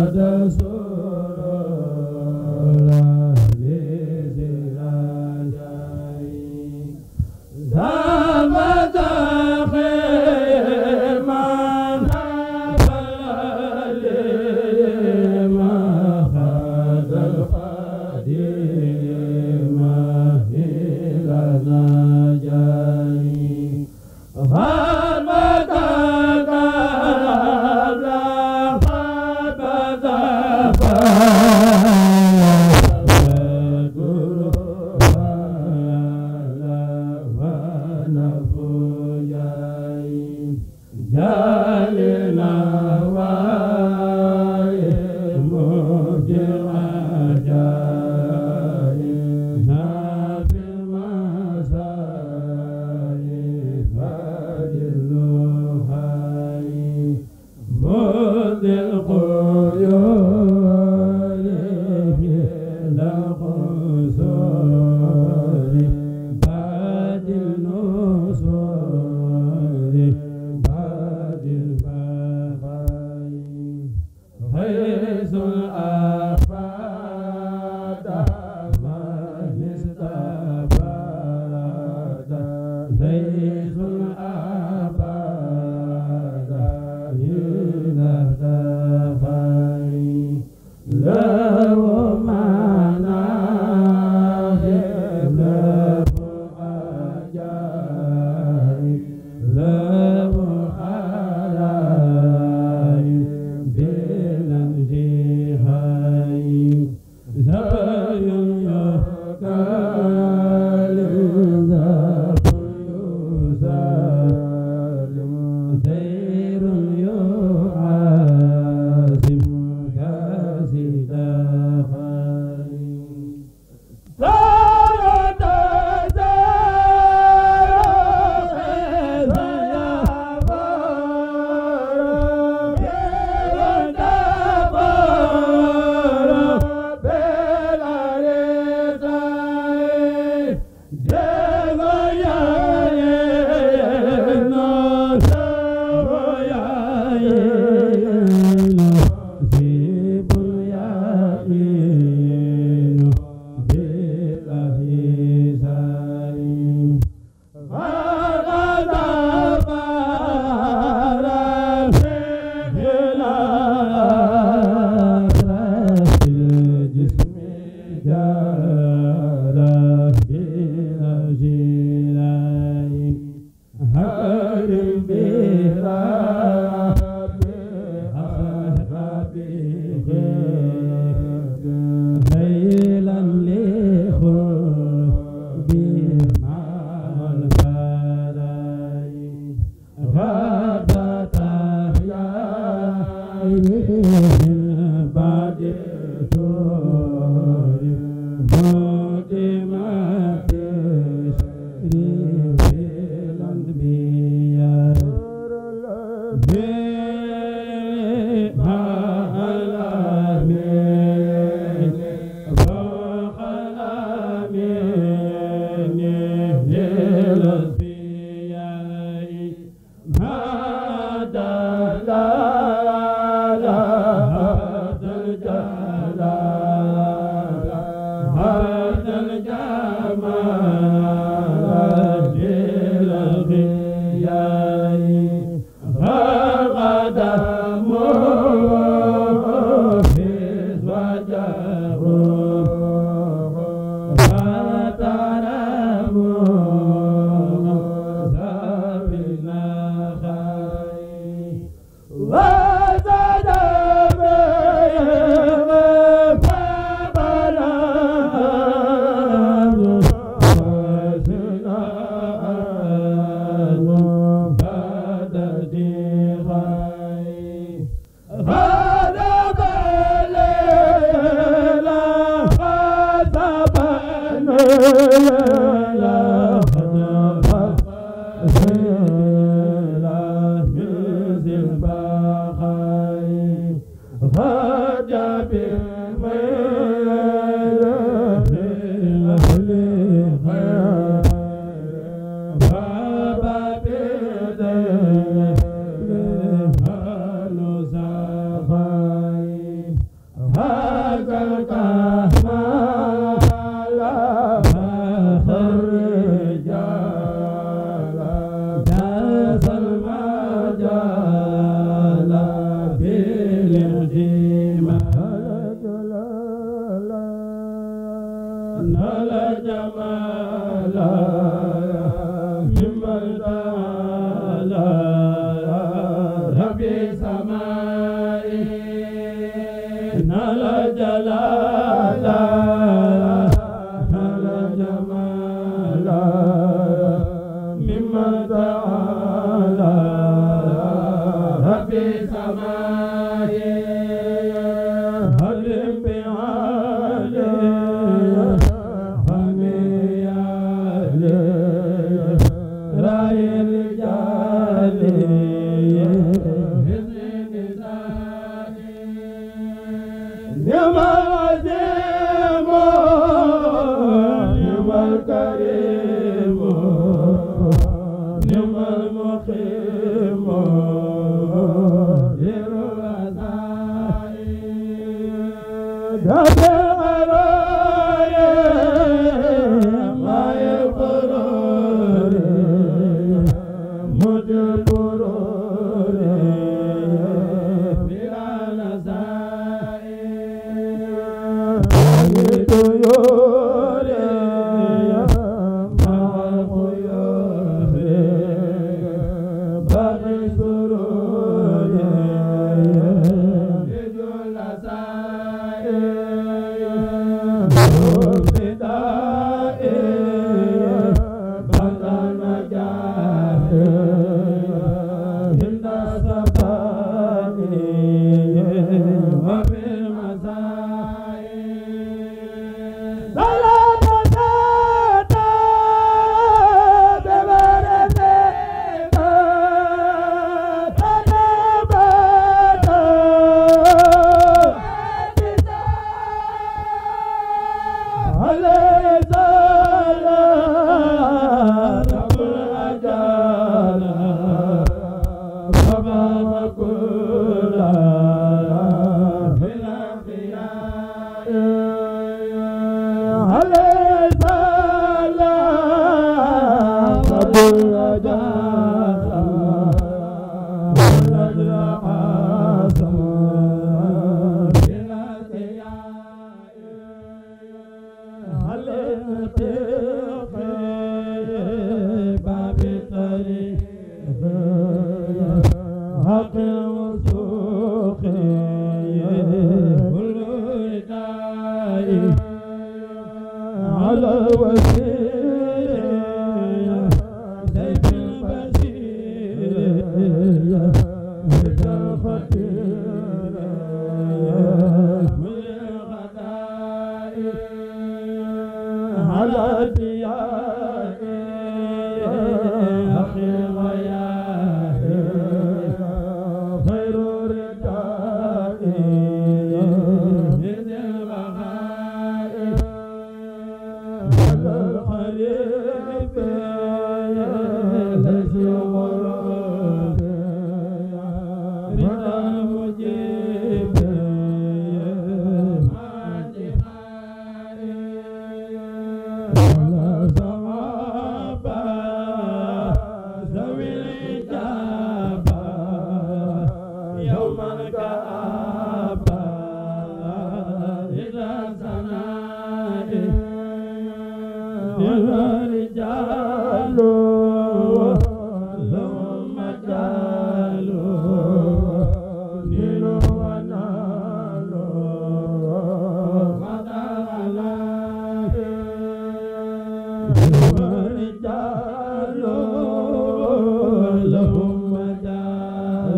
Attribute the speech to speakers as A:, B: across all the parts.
A: ada so la be diya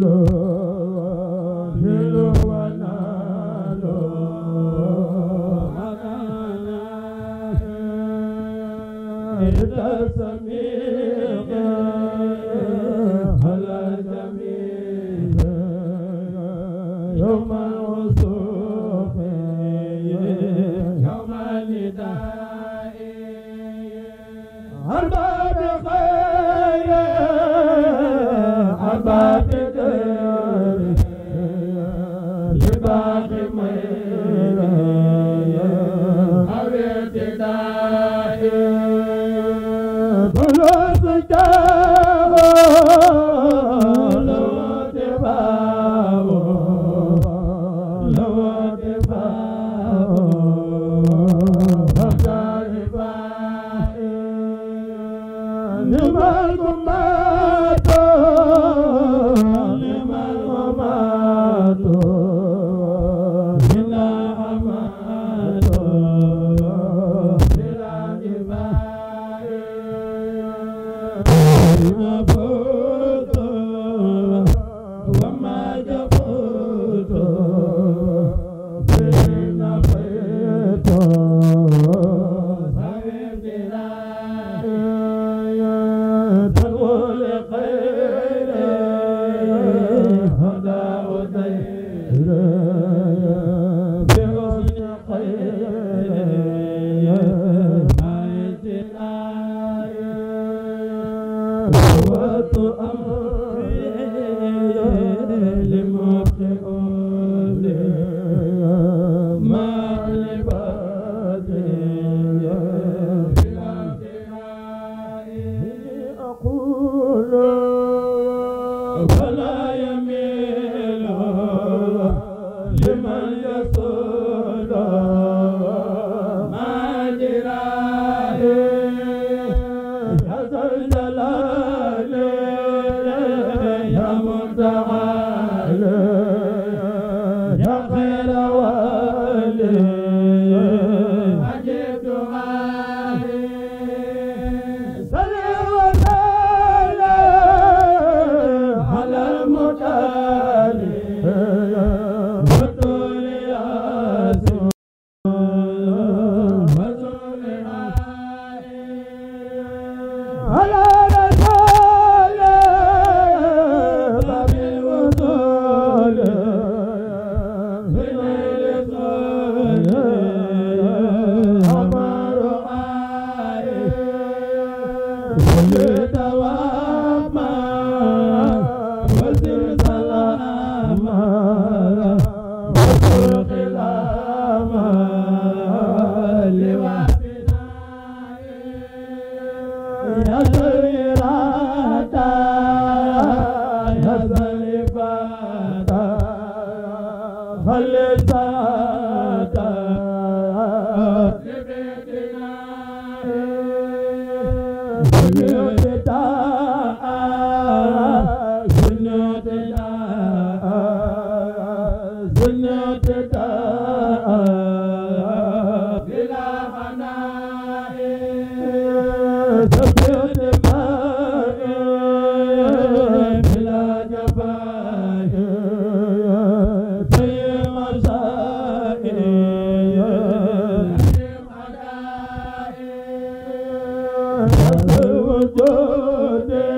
A: Hello. Fatima wa to am jode